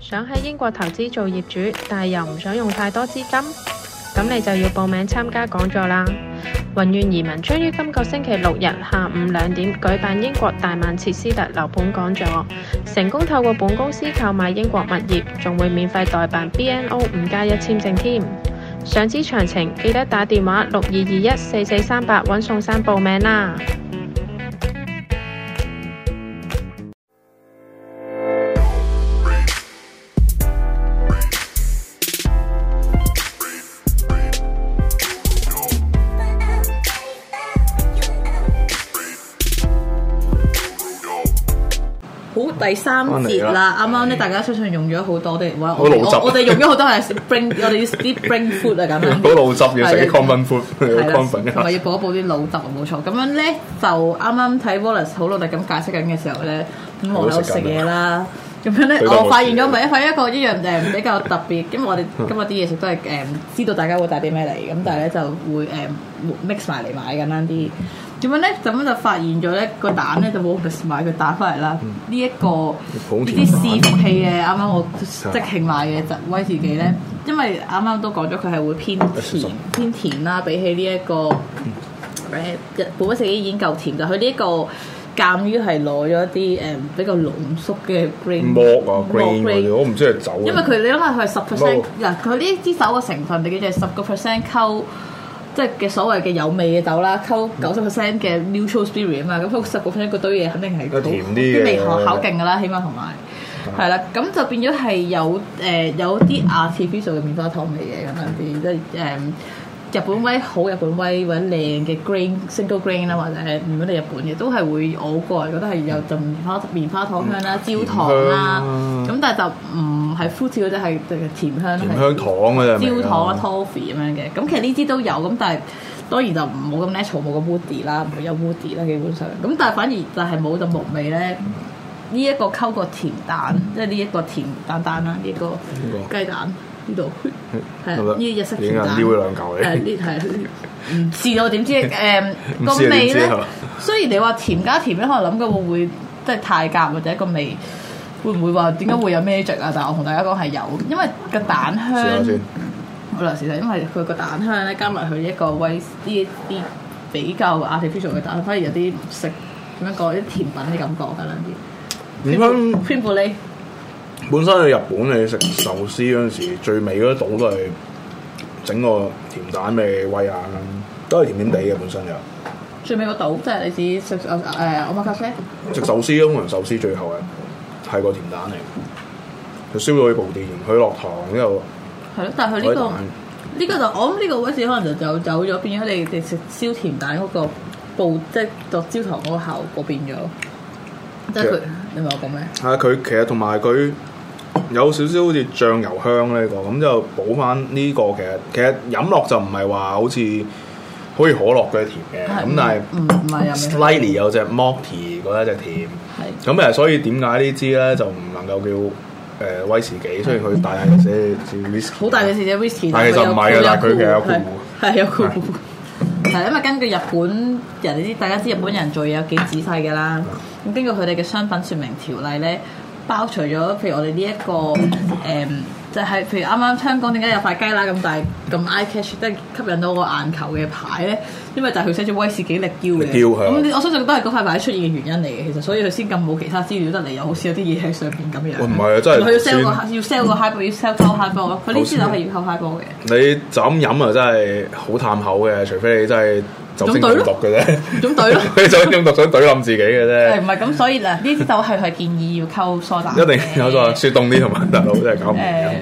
想喺英國投資做業主，但係又唔想用太多資金，咁你就要報名參加講座啦。雲願移民將於今個星期六日下午兩點舉辦英國大曼切斯特樓盤講座，成功透過本公司購買英國物業，仲會免費代辦 B N O 五加一簽證添。想知詳情，記得打電話六二二一四四三八揾宋生報名啦。第三節啦，啱啱咧大家相信用咗好多啲，我哋用咗好多係食 brain 我哋要食 brain food 啊咁樣。好老汁嘅食啲 confin food，係啦，同埋要補一補啲腦汁，冇錯。咁樣咧就啱啱睇 Wallace 好努力咁解釋緊嘅時候咧，咁我又食嘢啦。咁樣咧，我發現咗咪發現一個一樣誒比較特別，因為我哋今日啲嘢食都係誒知道大家會帶啲咩嚟，咁但係咧就會誒 mix 埋嚟買咁樣啲。點樣咧？咁樣就發現咗咧個蛋咧，就冇窩夫買個蛋翻嚟啦。呢一個呢啲試服器嘅，啱啱我即興買嘅就威士忌咧，因為啱啱都講咗佢係會偏甜偏甜啦，比起呢一個誒窩夫已經夠甜，就佢呢個鑑於係攞咗一啲誒比較濃縮嘅 grain malt 啊 grain，我唔知係酒，因為佢你諗下佢係十 percent 啊，佢呢支酒嘅成分嚟嘅就係十個 percent 溝。即係嘅所謂嘅有味嘅豆啦，溝九十 percent 嘅 neutral spirit 啊嘛、嗯，咁十 percent 嗰堆嘢肯定係啲未學考勁嘅啦，起碼同埋係啦，咁就變咗係有誒、呃、有啲 artificial 嘅棉花糖味嘅咁樣啲即係誒。呃日本威好日本威，或者靚嘅 grain single grain 啦，或者如果你日本嘅，都係會我個人覺得係有陣棉花棉花糖香啦、嗯香啊、焦糖啦，咁但係就唔係苦澀嗰啲，係、嗯、甜香、甜香糖焦糖啊、toffee 咁樣嘅。咁其實呢啲都有，咁但係當然就唔好咁 natural，冇咁 woody 啦，唔會有 woody 啦，基本上。咁但係反而就係冇咁木味咧。呢、這、一個溝個甜蛋，即係呢一個甜蛋蛋啦，呢、這個雞蛋。呢度係呢個日式甜蛋，撩兩嚿嘅。係係唔試到點知誒個味咧？雖然你話甜加甜咧，可能諗佢會唔會即係太夾，或者個味會唔會話點解會有咩着啊？但係我同大家講係有，因為個蛋香，試好難形容，因為佢個蛋香咧加埋佢一個威士忌一啲比較 artificial 嘅蛋，反而有啲唔食點樣講啲甜品嘅感覺噶啦啲。偏麼本身去日本你食壽司嗰陣時，最尾嗰個道都係整個甜蛋味眼，喂下都係甜甜地嘅本身嘅。最尾嗰道即係你指食誒奧麥咖啡？食壽司咯，可能壽司最後嘅係個甜蛋嚟，燒到佢布甸型，佢落糖之後糖。係咯，但係呢、呢個呢蛋個就我諗呢個位置可能就，就走走咗，變咗你哋食燒甜蛋嗰個布即係落焦糖嗰個效果變咗。即係佢，實你明我講咩？係啊，佢其實同埋佢。有少少好似醬油香呢個，咁就補翻呢個，其實其實飲落就唔係話好似好似可樂啲甜嘅，咁但係唔唔係啊。Slightly 有隻 Morty 嗰一隻甜，係咁誒，所以點解呢支咧就唔能夠叫誒威士忌？所以佢大嘅寫，好大嘅寫，寫 whisky，但係就唔係啊。但係佢其實有酷，係有酷，係因為根據日本人，你知大家知日本人做嘢有幾仔細嘅啦。咁根據佢哋嘅商品説明條例咧。包除咗，譬如我哋呢一個誒、嗯，就係、是、譬如啱啱香港點解有塊雞奶咁大咁 eye catch，即係吸引到個眼球嘅牌咧，因為就係佢寫住威士忌力嬌嘅、嗯，我相信都係嗰塊牌出現嘅原因嚟嘅。其實，所以佢先咁冇其他資料得嚟，又好似有啲嘢喺上邊咁樣。我唔係啊，真係要 sell 個 high，算要 sell 個 high 波，要 sell 高 highball 咯。佢呢支酒係要頭 highball 嘅。你就咁飲啊，真係好淡口嘅，除非你真係。整隊咯，整隊咯，佢想整隊想隊冧自己嘅啫。係唔係咁？所以嗱，呢啲豆係係建議要溝梳打，一定有個雪凍啲同埋等等，即係搞唔掂。誒，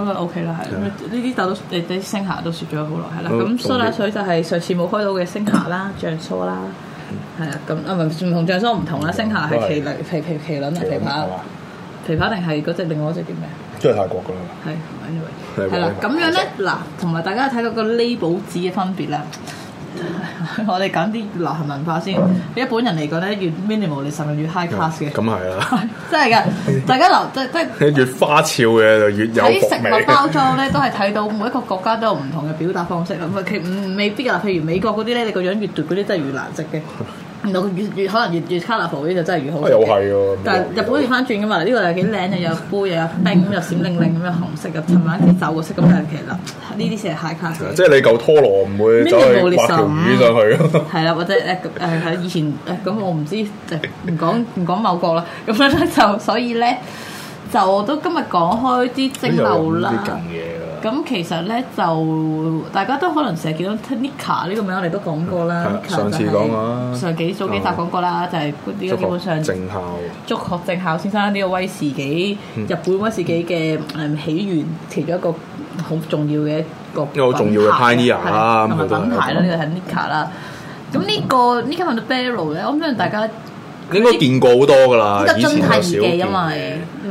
溝得 OK 啦，係咁。呢啲豆你啲星霞都說咗好耐係啦。咁梳打水就係上次冇開到嘅星霞啦、醬梳啦，係啊。咁啊唔係同醬梳唔同啦，星霞係麒麟皮皮麒麟啊，皮跑。皮跑定係嗰隻另外嗰隻叫咩？即係泰國嘅係 Anyway，係啦。咁樣咧嗱，同埋大家睇到個 label 紙嘅分別咧。 我哋講啲流行文化先，對本人嚟講咧，越 minimal，你甚至越 high class 嘅。咁係、嗯、啊， 真係的嘅， 大家留即即。係、就是、 越花俏嘅就越有國味啲 食物包裝咧，都係睇到每一個國家都有唔同嘅表達方式，咁唔其唔未必啦。譬如美國嗰啲咧，你個樣越奪嗰啲真係越難食嘅。 唔同越越可能越越 colorful 呢就真係越好又係。 但係日本又翻轉噶嘛？呢、這個又幾靚又有杯，又有冰，又閃令令咁樣紅色嘅，同埋佢酒色咁樣其實呢啲先係 high class。即係你嚿拖羅唔會就掛條魚上去咯、啊。係啦，或者誒誒係以前誒咁，哎、我唔知就唔講唔講某國啦。咁樣咧就所以咧就都今日講開啲蒸餾啦。嗯咁其實咧就大家都可能成日見到 Nikka 呢個名，我哋都講過啦。上次講過，上幾早幾集講過啦，就係呢個基本上。正校，足學正校先生呢個威士忌，日本威士忌嘅誒起源，其中一個好重要嘅一個。好重要嘅 pioneer 啦，同埋品牌啦，呢個係 Nikka 啦。咁呢個呢，Nikka 同 Barrel 咧，我諗大家應該見過好多㗎啦，以前嘅小店。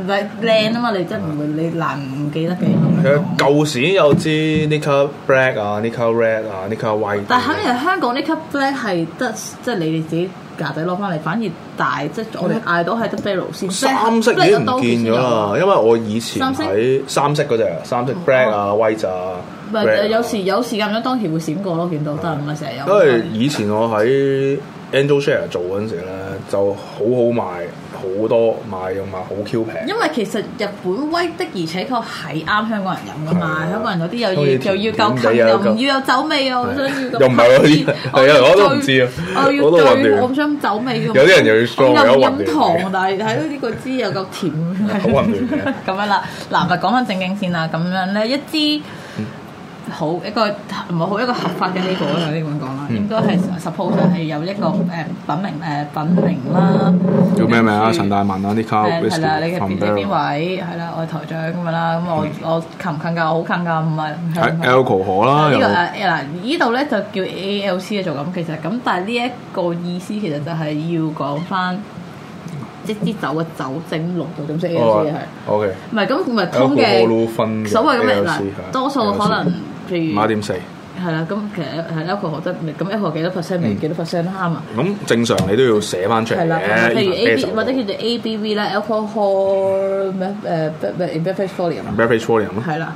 靚啊嘛，red, 嗯、你真唔會你難唔記得幾耐？舊時又知呢級 black 啊，n 呢級 red 啊，呢級 white、啊。但肯定而香港呢級 black 係得，嗯、即係你哋自己架底攞翻嚟。反而大即係我哋嗌到係得 p h 先。三色已經唔見咗啦，因為我以前。喺三色嗰隻，三色 black 啊，white 咋、啊？唔係是、啊、有時有時間咁當期會閃過咯，見到得唔係成日有。因為以前我喺 Angel Share 做嗰陣時咧，就好好賣。好多賣用埋好 Q 平，因為其實日本威的而且確係啱香港人飲㗎嘛，香港人嗰啲又要又要夠吸，又唔要有酒味啊，我想要咁。又唔係啊？啲，我都唔知啊，我都揾我唔想酒味，有啲人又要雙啊，唔飲糖，但係睇到呢個支又夠甜。好，咁樣啦，嗱，咪講翻正經先啦，咁樣咧，一支好一個唔係好一個合法嘅結果啦，啲講。應該係 suppose 係有一個誒品名誒品名啦。叫咩名啊？陳大文啊？呢卡？係啦，你嘅邊位係啦，我係台長咁樣啦。咁我我近唔近㗎？我好近㗎，唔係唔係。ALC 可啦。呢個誒嗱，呢度咧就叫 ALC 做咁。其實咁，但係呢一個意思其實就係要講翻即啲酒嘅酒精濃度咁先嘅，主要係。O K。唔係咁唔係通嘅。所謂咁樣啦，多數可能譬如馬點四。係啦，咁其實係 alcohol 得，咁 alcohol 幾多 percent？幾多 percent 啱啊！咁正常你都要寫翻出嚟嘅。係啦，譬如 A B 或者叫做 A B V 啦，alcohol 咩？誒咩咩？In beverage volume。Beverage volume 咯。係啦，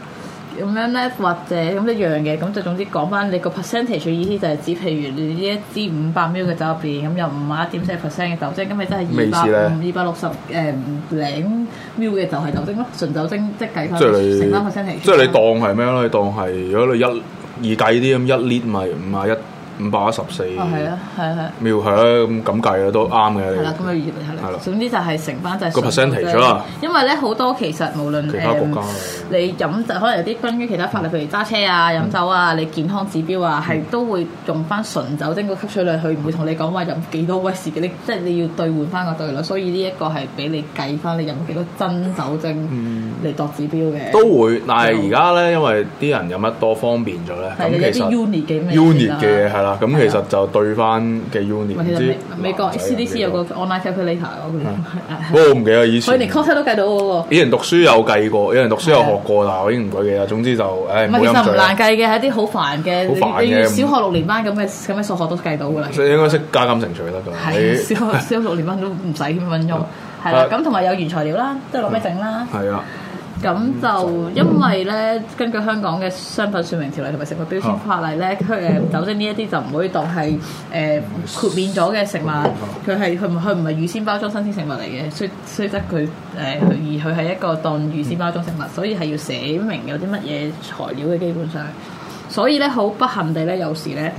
咁樣咧或者咁一樣嘅，咁就總之講翻你個 percentage 意思就係指，譬如你一支五百 mill 嘅酒入邊，咁又五點四 percent 嘅酒精，咁你真係二百五、二百六十誒零 mill 嘅就係酒精咯，純酒精即係計翻成幾 percent 嚟？即係你當係咩咧？你當係如果你一易計啲，咁一列咪五呀一。五百一十四，係啊，係係，妙響咁計啊，都啱嘅。係啦，咁嘅總之就係乘翻就個 percentage 咗啦。因為咧好多其實無論其他國家，你飲就可能有啲關於其他法律，譬如揸車啊、飲酒啊、你健康指標啊，係都會用翻純酒精個吸收率去，唔會同你講話飲幾多威士忌，即係你要兌換翻個對率。所以呢一個係俾你計翻你飲幾多真酒精嚟作指標嘅。都會，但係而家咧，因為啲人飲得多方便咗咧，咁其實 unit 嘅咁其實就對翻嘅 unit。美國 CDC 有個 online calculator，不過我唔記得以前。有人 course 都計到嗰個。有人讀書有計過，有人讀書有學過，但係我已經唔記記得。總之就誒其實唔難計嘅，係一啲好煩嘅，你小學六年班咁嘅咁嘅數學都計到㗎啦。所以應該識加減乘除啦，就小學小學六年班都唔使幾分鐘。係啦，咁同埋有原材料啦，都係攞咩整啦。係啊。咁就因為咧，根據香港嘅商品說明條例同埋食物標籤法例咧，佢誒酒精呢一啲就唔可以當係誒、呃、豁免咗嘅食物，佢係佢唔佢唔係預先包裝新鮮食物嚟嘅，所以所以得佢誒而佢係一個當預先包裝食物，所以係要寫明有啲乜嘢材料嘅基本上。所以咧好不幸地咧，有時咧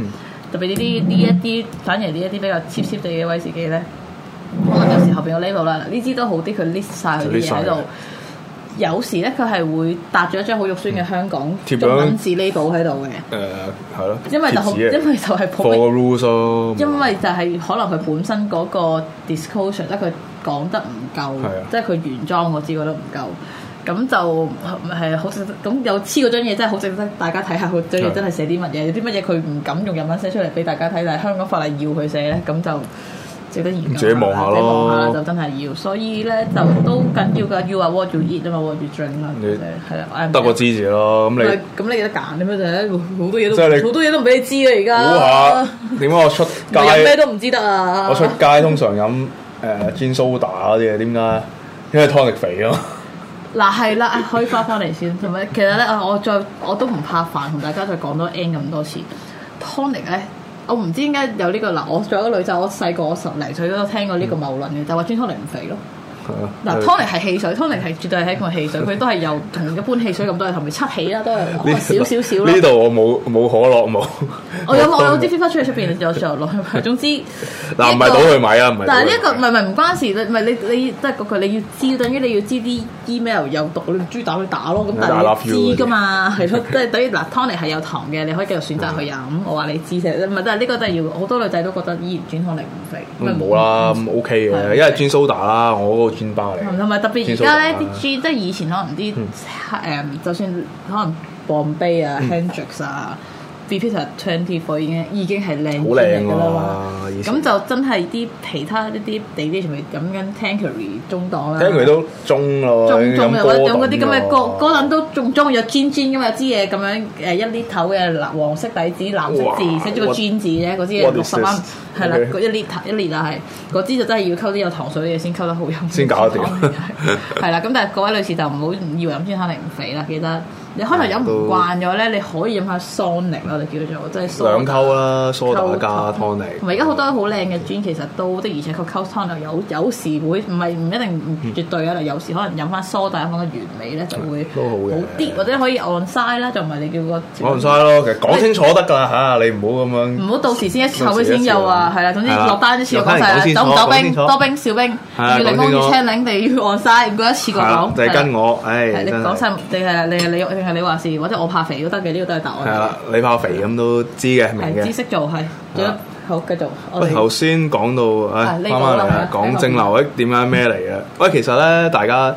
特別呢啲呢一啲，反而呢一啲比較 cheap cheap 地嘅威士忌咧，嗯、可能有時後邊有 label 啦，呢支都好啲，佢 list 晒佢啲嘢喺度。有時咧，佢係會搭咗一張好肉酸嘅香港貼咗文字 label 喺度嘅。誒，係咯、呃。因為就因為就係破例。For rules 哦。因為就係可能佢本身嗰個 discussion 咧，佢講得唔夠，了即係佢原裝我知，覺得唔夠，咁就係好正。咁有黐嗰張嘢真係好正，得大家睇下，佢，張嘢真係寫啲乜嘢，有啲乜嘢佢唔敢用日文寫出嚟俾大家睇，但係香港法例要佢寫咧，咁就。自己望下咯，就真係要，所以咧就都緊要噶。You are what you eat 啊嘛，what you drink 啦，係啦，得個支持咯。咁你咁你記得揀點樣啫？好多嘢都好是多嘢都唔俾你知啊。而家估下點解我出街咩 都唔知得啊？我出街通常飲誒健 soda 啲嘢，點解？因為 tonic 肥咯、啊。嗱係啦，可以翻翻嚟先，係咪？ 其實咧，我再我都唔怕煩，同大家再講多 N 咁多次 tonic 咧。我唔知點解有呢個嗱，我仲有一個女仔，我細個我十零歲都有聽過呢、這個謬、嗯、論嘅，就話穿拖泥唔肥咯。嗱，Tonic 係汽水，Tonic 係絕對係一個汽水，佢都係有同一般汽水咁多，同埋七喜啦，都係少少少啦。呢度我冇冇可樂冇。我有我有支煙花出喺出邊，你再上落去買。總之嗱唔係倒去買啊！但係呢一個唔係唔關事，唔係你你即係嗰你要知，等於你要知啲 email 有毒，你豬打去打咯。咁但係你知㗎嘛？係咯，即係等於嗱，Tonic 係有糖嘅，你可以繼續選擇去飲。我話你知，其實唔係，但係呢個都係要好多女仔都覺得依然轉 Tonic 唔肥。咁咪冇啦，OK 嘅，因為轉 soda 啦，我。同埋、嗯、特別而家咧啲 G，即係以前可能啲誒、嗯嗯，就算可能 Bombay 啊、嗯、Hendrix 啊。B Peter 唱 T4 已經、啊、已經係靚啲嘅啦嘛，咁就真係啲其他一啲地啲，係咪飲緊 Tanqueray 中檔啦？Tanqueray 都中咯，咁嗰嗰啲咁嘅歌歌粉都仲裝有尖尖，嘅嘛，支嘢咁樣誒一粒頭嘅藍黃色底子藍色字寫咗個「尖」字啫，嗰支嘢六十蚊，係啦，嗰一粒頭、okay. 一粒啊係，嗰支就真係要溝啲有糖水嘅嘢先溝得好飲先搞掂，係啦、嗯，咁但係各位女士就唔好以為飲尖肯定唔肥啦，記得。你可能飲唔慣咗咧，你可以飲下湯寧咯，我哋叫做即係。兩溝啦，蘇打加湯寧。同埋而家好多好靚嘅氈其實都的而且確溝湯嚟，有有時會唔係唔一定唔絕對啊，有時可能飲翻蘇打嘅原味咧就會好啲，或者可以 on side 啦，就唔係你叫 on side 咯，其實講清楚得㗎嚇，你唔好咁樣。唔好到時先一後尾先又話係啦，總之落單一次講晒啦，走唔走冰？多冰少冰？要零封要 charging 定要 on side，唔好一次過講。就係跟我，你講曬，你係你話事，或者我怕肥都得嘅，呢個都係答案嚟嘅。係啦，你怕肥咁都知嘅，明嘅。知識做係，的，好繼續。喂，頭先講到，翻返嚟講蒸餾，一點解咩嚟嘅？喂，其實咧，大家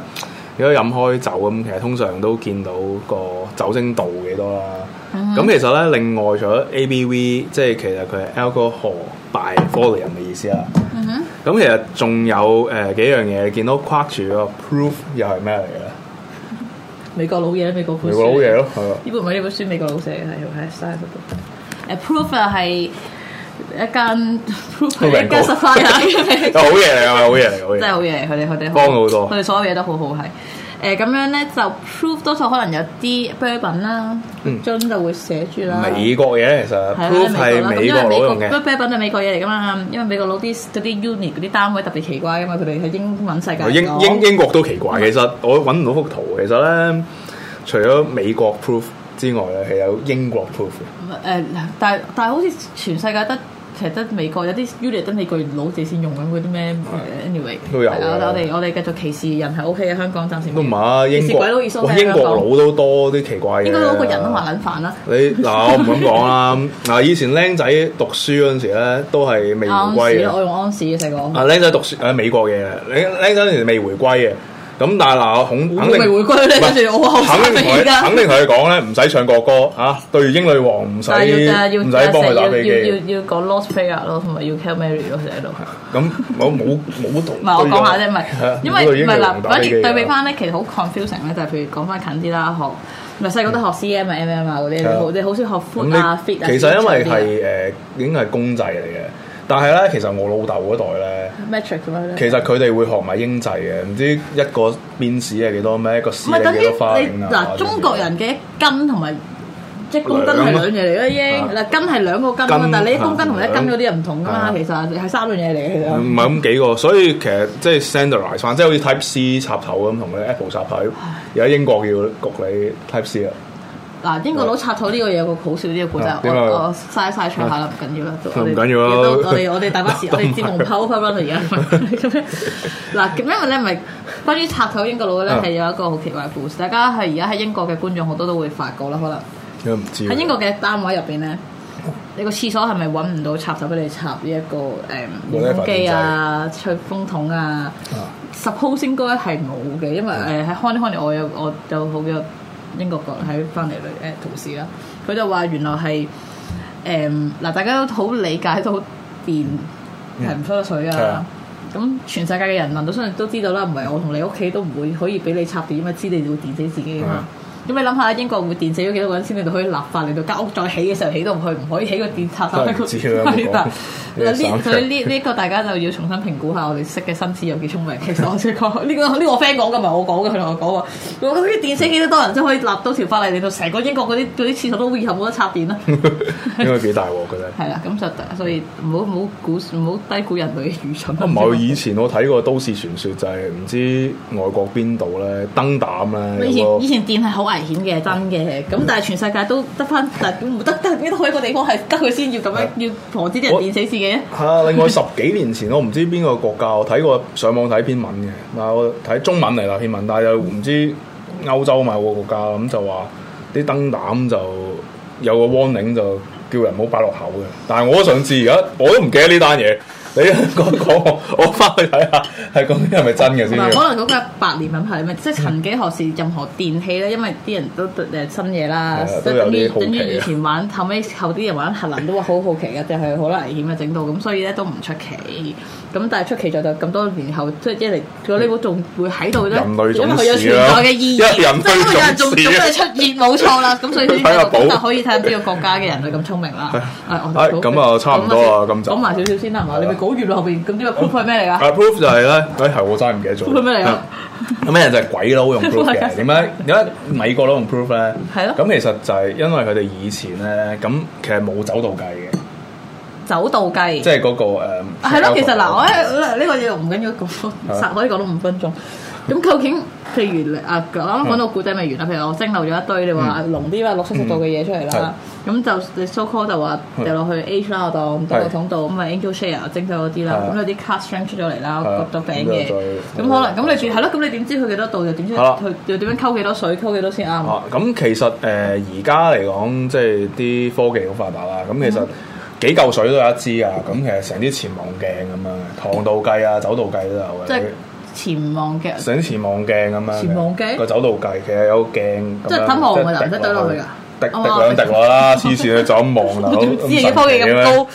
如果飲開酒咁，其實通常都見到個酒精度幾多啦。咁、mm hmm. 其實咧，另外除咗 ABV，即係其實佢係 alcohol by volume 嘅意思啦。咁其實仲有誒幾樣嘢，見到括住個 proof 又係咩嚟嘅？美國老嘢咯，美國古書。呢本唔係呢本書美國佬寫嘅，係曬喺度。Proofer 係一間，一間實法人。好嘢嚟㗎嘛。好嘢嚟㗎，好嘢。真係好嘢，佢哋佢哋幫好多，佢哋所有嘢都好好係。誒咁、呃、樣咧就 proof 多數可能有啲波本啦，樽、嗯、就會寫住啦。美國嘢其實對 proof 係美國佬用嘅，波本係美國嘢嚟噶嘛，因為美國佬啲嗰啲 unit 嗰啲單位特別奇怪噶嘛，佢哋喺英文世界英。英英英國都奇怪，嗯、其實我揾唔到幅圖。其實咧，除咗美國 proof 之外咧，係有英國 proof。誒、呃，但係但係好似全世界得。其實得美國有啲 unit 真係攰佬字先用咁嗰啲咩？Anyway 都有、啊。我我哋我哋繼續歧視人係 OK 嘅，香港暫時都唔係、啊、歧視、哦、英國佬都多啲奇怪嘢。應該攞個人都話撚煩啦。你嗱我唔敢咁講啦。嗱 以前僆仔讀書嗰陣時咧，都係未迴歸我用安士嘅細講。啊僆仔讀書喺美國嘅，你，僆仔嗰陣未回歸嘅。咁但係嗱，恐肯定迴歸咧，跟住我肯定同佢講咧，唔使唱國歌嚇，對英女皇唔使唔使幫佢打飛機，要要講 Lost Prayer 咯，同埋要 Kill Mary 咯，就喺度。咁我冇冇讀。嗱，我講下啫，唔係，因為唔係嗱，反而對比翻咧，其實好 confusing 咧，就係譬如講翻近啲啦，學唔係細個都學 C M 啊 M M 啊嗰啲，好啲好少學 foot 啊 fit 啊嗰啲。其實因為係誒，已經係公制嚟嘅。但係咧，其實我老豆嗰代咧，其實佢哋會學埋英制嘅，唔知一個邊史係幾多咩？一個史係幾多花徑啊？嗱，中國人嘅一斤同埋一公斤係兩樣嘢嚟咯，英嗱斤係兩個斤啊，但係你一公斤同一斤嗰啲又唔同噶嘛，其實係三樣嘢嚟嘅。唔係咁幾個，所以其實即係 standardize 翻，即係好似 Type C 插頭咁同嗰 Apple 插頭，而喺英國叫焗你 Type C 啊。嗱，英國佬插頭呢個嘢有個好笑啲嘅故仔，我我嘥一嘥唱下啦，唔緊要啦，唔緊要，我哋我哋大把時，我哋節目拍 Open Run 而家。嗱，因為咧唔係關於插頭英國佬咧，係有一個好奇怪嘅故事，大家係而家喺英國嘅觀眾好多都會發覺啦，可能。唔知喺英國嘅單位入邊咧，你個廁所係咪揾唔到插頭俾你插呢一個誒電風機啊、吹風筒啊？Suppose 應該係冇嘅，因為誒喺香港，我有我有好有。英國國喺翻嚟，嚟誒同事啦，佢、欸、就話原來係誒，嗱，大家都好理解到電係唔得水啊。咁的全世界嘅人民都相信都知道啦，唔係我同你屋企都唔會可以俾你插電，因為知你會電死自己啊嘛。咁你諗下，想想英國會電死咗幾多個人先令到佢立法，令到間屋再起嘅時候起都唔去，唔可以起個電插座喺佢呢？呢呢個大家就要重新評估下我哋識嘅新鮮有幾聰明。其實我先講呢個，呢、呢個 friend 講嘅唔係我講嘅，佢同我講話。我覺得啲電死幾多多人先可以立到條法例，令到成個英國嗰啲嗰啲廁所都以後冇得插電啦。 應該幾大我覺得。係啦， 咁就所以唔好好估唔好低估人類嘅愚蠢。唔係、啊，以前我睇過都市傳說就係、是、唔知外國邊度咧，燈膽咧。以前以前電係好危危險嘅真嘅，咁但係全世界都得翻特，冇得得，只可以一個地方係得佢先，要咁樣的要防止啲人電死自己。係啊，另外十幾年前我唔知邊個國家，我睇過上網睇篇文嘅，嗱我睇中文嚟啦篇文，但係又唔知歐洲咪個國家啦，咁就話啲燈膽就有個 warning 就叫人唔好擺落口嘅。但係我上次而家我都唔記得呢單嘢。你講講我，我翻去睇下，係講啲係咪真嘅先。可能嗰個百年品牌，咪即係曾幾何時任何電器咧？因為啲人都誒新嘢啦，即係等住等住以前玩，後尾後啲人玩核能都話好好奇嘅，定係好危險啊！整到咁，所以咧都唔出奇。咁但係出奇在就咁多年後，即係一係嚟咗呢個仲會喺度咧，因為佢有存在嘅意義，即係有人仲總係出現，冇錯啦。咁所以睇下保，可以睇下邊個國家嘅人類咁聰明啦。係，係咁啊，差唔多啊，咁就講埋少少先啦，係嘛？呢個。好遠後邊，咁、uh，呢 proof 係咩嚟噶？proof 就係咧，誒、哎、係我真係唔記得咗。proof 咩嚟啊？咁咩人就係鬼佬用 proof 嘅？點解點解美國佬用 proof 咧？係咯的。咁其實就係因為佢哋以前咧，咁其實冇走道計嘅。走道計，即係嗰個誒。係、嗯、咯，的其實嗱，嗯、我呢、呢個嘢唔緊要講，實的可以講到五分鐘。咁究竟，譬如啊，我啱啱講到古仔未完啦。譬如我蒸餾咗一堆，你話濃啲話六七十度嘅嘢出嚟啦。咁就你 so call 就話掉落去 age 啦個桶度，咁咪 angel share 蒸咗嗰啲啦。咁有啲 cask strength 出咗嚟啦，焗到餅嘅。咁可能咁你住係咯，咁你點知佢幾多度就點？知佢又點樣溝幾多水？溝幾多先啱？咁其實誒而家嚟講，即係啲科技好發達啦。咁其實幾嚿水都有一支啊。咁其實成啲潛望鏡咁啊，糖度計啊，酒度計都有嘅。潛望，望，望鏡，上潛望鏡咁樣，個走道計其實有鏡，即係等望嘅，就唔使對落去㗎。滴兩滴落啦，黐線去就咁望啦，好。點知啊？科技咁高，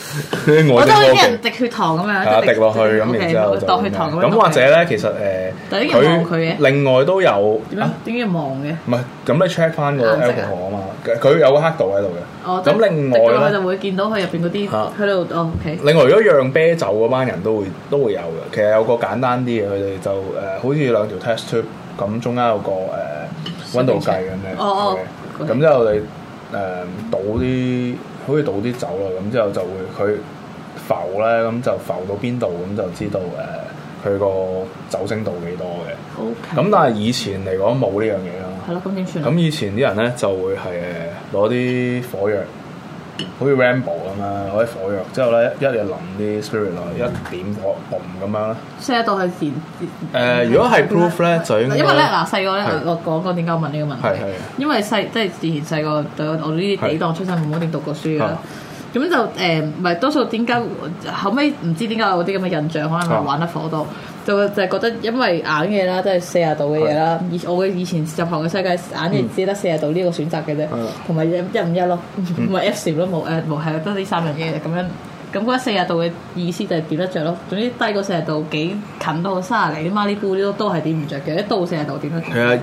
我都好似啲人滴血糖咁樣，滴落去咁就當血糖咁。咁或者咧，其實誒，佢另外都有點咩？點要望嘅？唔係，咁你 check 翻個 Apple 啊嘛，佢有個黑度喺度嘅。咁另外咧，就會見到佢入邊嗰啲，喺度哦。O K。另外，如果釀啤酒嗰班人都會都會有嘅，其實有個簡單啲嘅，佢哋就誒，好似兩條 test tube 咁，中間有個誒溫度計咁樣嘅。哦。咁之後你誒倒啲，好似倒啲酒咯，咁之後就會佢浮咧，咁就浮到邊度，咁就知道誒佢個酒精度幾多嘅。Okay。咁但係以前嚟講冇呢樣嘢啦。係咯，咁點算啊？咁以前啲人咧就會係攞啲火藥。好似 ramble 咁啊，或者火藥，之後咧一一日淋啲 spirit 落一點火咁樣啦，set 到去線。誒、嗯，嗯、如果係 proof 咧、嗯、就應該 s h 因為咧嗱，細個咧，呢是我我講過點解我問呢個問題，是是因為細即係自前細個對我呢啲底檔出身唔好定讀過書啦，咁是就誒唔係多數點解後尾唔知點解有啲咁嘅印象，可能玩得火多。是就就係覺得因為硬嘢啦，即係四十度嘅嘢啦。以是的 我以前入行嘅世界，硬嘢只得四十度呢個選擇嘅啫。同埋一、五一咯，唔係 F 潮咯，冇誒冇，係得呢三樣嘢咁樣。咁嗰四十度嘅意思就係點得着咯。總之低過四十度幾近到三十釐啊嘛，呢箍啲都多係點唔着嘅，一到四十度點得著？係啊，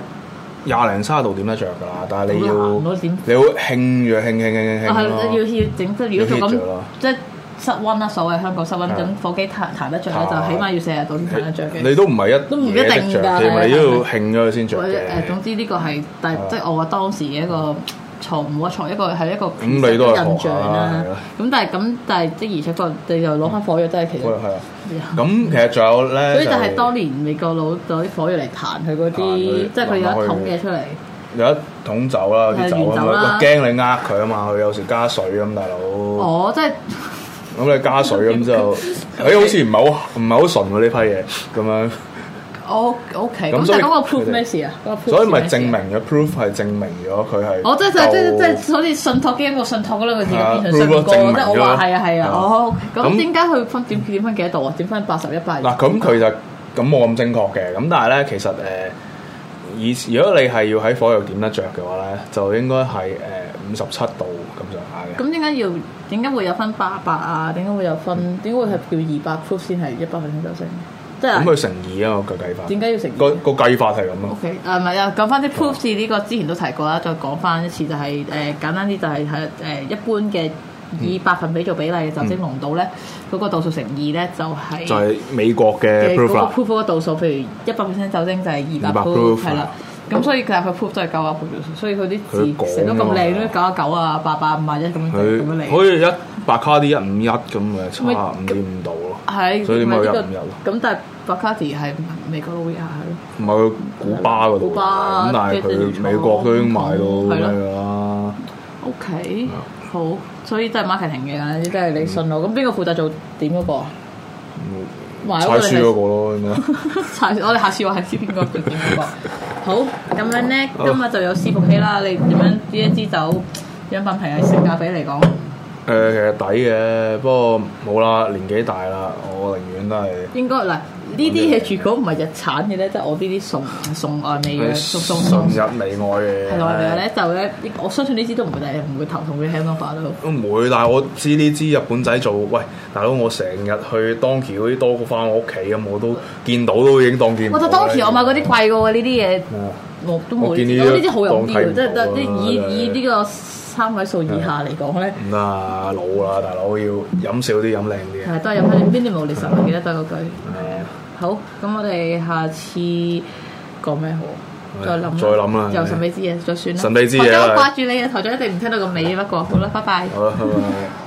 廿零三十度點得著㗎？但係你要你要輕弱輕輕輕輕輕要要整得。如果做咁即係。室溫啦，所謂香港室溫咁，火機彈彈得着咧，就起碼要四十度先彈得着嘅。你都唔係一都唔一定㗎，你唔係要興佢先著嘅。誒總之呢個係，但即我話當時嘅一個錯唔好嘅一個係一個唔理都印象啦。咁但係咁但係，即而且個你又攞翻火藥，真係其實係咁，其實仲有咧，所以就係當年美國佬攞啲火藥嚟彈佢嗰啲，即係佢有一桶嘢出嚟，有一桶酒啦，啲酒啦，驚你呃佢啊嘛，佢有時加水咁，大佬。哦，即係。咁你加水咁就，哎，好似唔係好唔係好純喎呢批嘢，咁樣。我 OK，咁所以嗰個 proof 咩事啊？所以咪證明嘅 proof 係證明咗佢係。我即係即係即係好似信託基金個信託啦，佢變成信託。即係我話係啊係啊，哦。咁點解佢分點點分幾多度啊？點分八十一八嗱，咁其實咁冇咁正確嘅，咁但係咧，其實誒，以如果你係要喺火入點得着嘅話咧，就應該係誒五十七度。咁點解要點解會有分八百啊？點解會有分？點、嗯、會係叫二百 proof 先係一百 percent 酒精？即係咁佢乘二啊，個計法。點解要乘、啊？二？個計法係咁咯。O、okay, K，啊唔係又講翻啲 proof 是呢個之前都提過啦，再講翻一次就係、是、誒、呃、簡單啲就係睇誒一般嘅以百分比做比例嘅酒精濃度咧，嗰、嗯嗯、個度數乘二咧就係、是、就係美國嘅 proof 嘅 proof, proof 度數，啦譬如一百 percent 酒精就係二百 proof 係啦、啊。咁所以其實佢幅都係九啊，所以佢啲字成日都咁靚咯，九九啊，八八五萬一咁樣咁樣嚟。可以一白卡啲一五一咁啊，七八五點五度咯。係，所以咪一五一咯。咁但係白卡啲係美國咯，唔係去古巴嗰度。古巴咁但係佢美國都已經買咯，係咯。OK，好，所以都係 marketing 嘅，都係你信我。咁邊個負責做點嗰個？買書嗰個咯。我哋下次話係知邊個做點嗰個。好，咁樣咧，oh. 今日就有試服氣啦。你點樣？啲一支酒，飲品嚟，性價比嚟講，誒其實抵嘅。不過冇啦，年紀大啦，我寧願都係應該嗱。呢啲嘢如果唔係日產嘅咧，即、就、係、是、我呢啲送送愛美嘅，送送日美愛嘅，係咯，呢啲咧就咧，我相信呢支都唔會，唔會頭痛嘅。s a m s u 都唔會，但係我知呢支日本仔做，喂，大佬我成日去 d 期嗰啲多過翻我屋企咁，我都見到都已影檔見。 我就 d o 我買嗰啲貴嘅喎，呢啲嘢我都冇。我呢啲好有啲，了了即係即以對對對以呢個三位數以下嚟講咧。咁啊老啦，大佬要飲少啲，飲靚啲。係都係飲翻邊啲冇劣勢，記得得嗰句。好，咁我哋下次講咩好？再諗啦，又神秘之嘢，是再算啦。神秘之嘢，台長掛住你啊！是台長一定唔聽到個尾，不過，好啦，拜拜。好，拜拜。